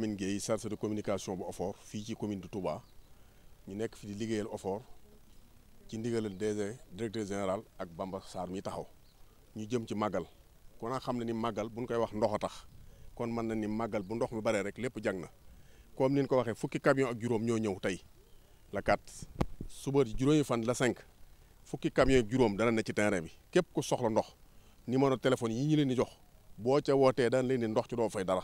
Lamine Gueye chargé de communication bu OFOR fii ci commune de Touba ñu nekk fi di liggéeyal OFOR ci ndigalal DG directeur général ak Bamba Sarr mi taxaw ñu jëm ci màggal kon xam ne ni màggal buñ koy wax ndox a tax kon mën na ni màggal bu ndox mi baree rek lépp jàng na comme ni ñu ko waxee fukki camion ak juróom ñoo ñëw tey la 4 suba juróomi fan la 5 fukki camion ak juróom dana ne ci terrain bi képp ku soxla ndox numéro téléphone yi ñu leen di jox boo ca wootee daan leen di ndox ci doo fay dara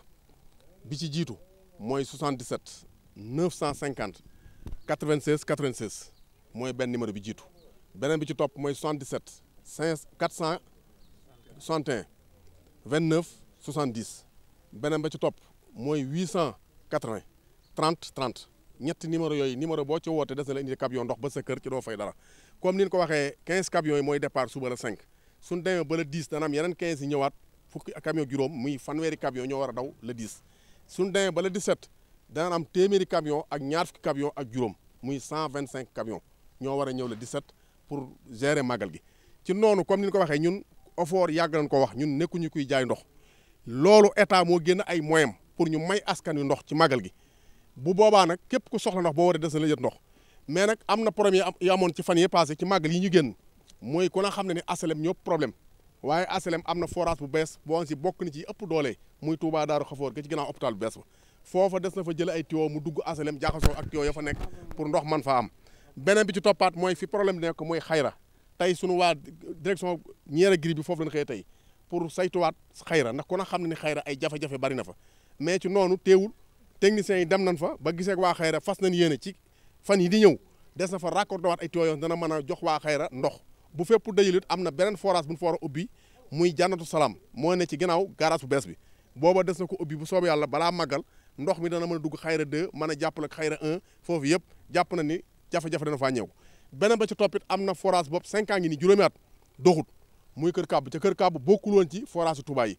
bi ci jiitu mooy 77 950 96 96 mooy benn numéro bi jiitu beneen bi ci topp mooy 77 5 461 29 70 beneen ba ci topp mooy 880 30 30 ñetti numéro yooyu numéro boo ci woote des na la indi camion ndox ba sa kër ci doo fay dara comme ni ñu ko waxee 15 camions mooy départ suba la 5 suñ demee ba la 10 dana yeneen 15 yi ñëwaat fukki camion juróom muy fanweeri camion ñoo war a daw la 10 suñ demee ba le 17 dana am téeméeri camion ak ñaar fukki camion ak juróom muy cent 125 camions ñoo war a ñëw le 17 pour gérer màggal gi ci noonu comme ni ñu ko waxee ñun effort yàgg nañ ko wax ñun nekkuñu kuy jaay ndox loolu état moo génn ay moyens pour ñu may askan wi ndox ci màggal gi bu boobaa nag képp ku soxla ndox boo war a desal la jot ndox mais nag am na problème yi amoon ci fan yi passé ci màggal yi ñu génn mooy ku na xam ne ni asalem ñoo problème waaye ASLM am na forage bu bees boo xam si bokk na ci ëpp doole muy Touba Daaru Xafoor ga ci ginnaaw hôpital bu bees ba foofa des na fa jël ay tuyaux mu dugg aselem jaaxasoo ak tuyaux ya fa nekk pour ndox man fa am beneen bi ci toppaat mooy fi problème bi nekk mooy xayra tey sunu waa direction ñeera gri bi foofu lañ xëy tey pour saytuwaat xayra ndax ku na xam ne ni xayra ay jafe-jafe bari na fa mais ci noonu teewul techniciens yi dem nañ fa ba gisee waa xayra fas nañ yéene ci fan yi di ñëw des na fa raccordé waat ay tuyaux dana mën a jox waa xayra ndox bu fépp dajulit am na beneen forage bu ñu fa war a ubbi muy jànnatu salaam moo ne ci ginnaaw garage bu bees bi booba des na ko ubbi bu soobee yàlla balaa màggal ndox mi dana mën a dugg xayra 2 mën a jàppale ak xayra 1 foofu yëpp jàpp na ni jafe-jafe dana faa ñëw beneen ba ci toppit am na forage bopp 5 ans ngi ni juróomi at doxut muy kër kàbb ca kër kàbb bokkul woon ci forage Touba yi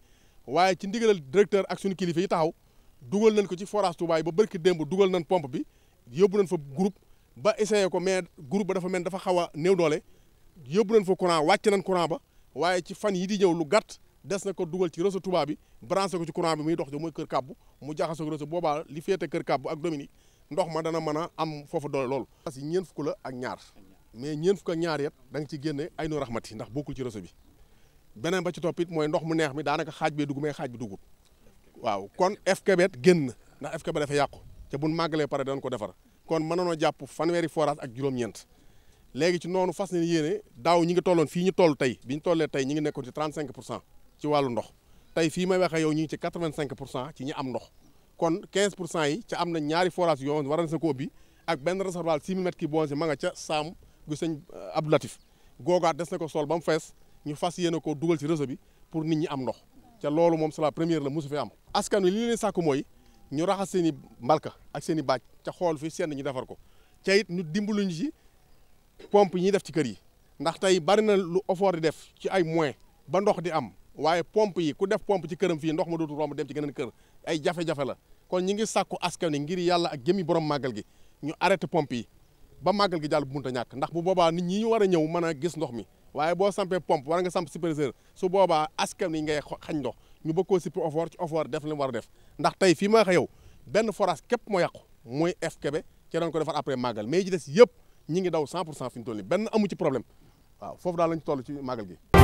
waaye ci ndigalal directeur ak suñu kilifa yi taxaw dugal nañ ko ci forage Touba ba barki démb dugal nañ pompe bi yóbbu nañ fa groupe ba essayé ko mais groupe dafa mel dafa xaw a néew doole yóbbu nañ fa courant wàcc nañ courant ba waaye ci fan yi di ñëw lu gàtt des na ko dugal ci réseau Touba bi branché ko ci courant bi muy dox jo mooy kër kàbbu mu jaxasoo ak réseau boobaa li féete kër kàbbu ak Dominique ndox ma dana mën a am foofu doole loolu parce que ñeen fukk la ak ñaar mais ñeen fukk ak ñaar yet da nga ci génne ay nu raxmati ndax bokkul ci réseau bi beneen ba ci topp it mooy ndox mu neex mi daanaka xaaj bee dugg mais xaaj bi duggul waaw kon FKB e génn ndax FKB e dafa yàqu te buñ màggalee pare danañ ko defar kon mën na mënoonoo jàpp fanweeri forage ak juróom-ñeent léegi ci noonu fas nañ yéene daaw ñi nga tolloon fii ñu toll tey bi ñu tollee tey ñu ngi nekkoon ci 35 pour cent ci wàllu ndox tey fii may waxee yow ñu ngi ci 85 pour cent ci ñi am ndox kon 15 pour cent yi ca am na ñaari forage yoo war na ak benn réservoir 6 ki bon nga ca saam gu sëñ euh, Abdou Latif des na ko sol ba mu fees ñu fas yéene koo dugal ci réseau bi pour nit ñi am ndox ca loolu moom c'est la première la mosu fi am askan wi li leen sàkku mooy ñu raxas seeni i mbalka ak seen i baaj ca xool fii seen ñu defar ko ca it ñu dimbaluñu ci pompe yi ñuy def ci kër yi ndax tey bari na lu effort di def ci ay moyens ba ndox di am waaye pompe yi ku def pompe ci këram fii ndox ma dootul romb dem ci geneen kër ay jafe-jafe la kon ñu ngi sàkku askan wi ngir yàlla ak jëmi borom màggal gi ñu arrêté pompe yi ba màggal gi jàll bu munta ñàkk ndax bu boobaa nit ñi ñu war a ñëw mën a gis ndox mi waaye boo sampee pompe war nga samp superviseur su boobaa askan wi ngay xañ ndox ñu bëgg koo sippi effort ci effort def li war a def ndax fii ma xew benn forage képp moo yàqu mooy FKB ci doon ko après màggal mais ji des yëpp ñi ngi daw 100 pour cent fi ñu toll nii benn amu ci problème waaw foofu daal lañ toll ci màggal gi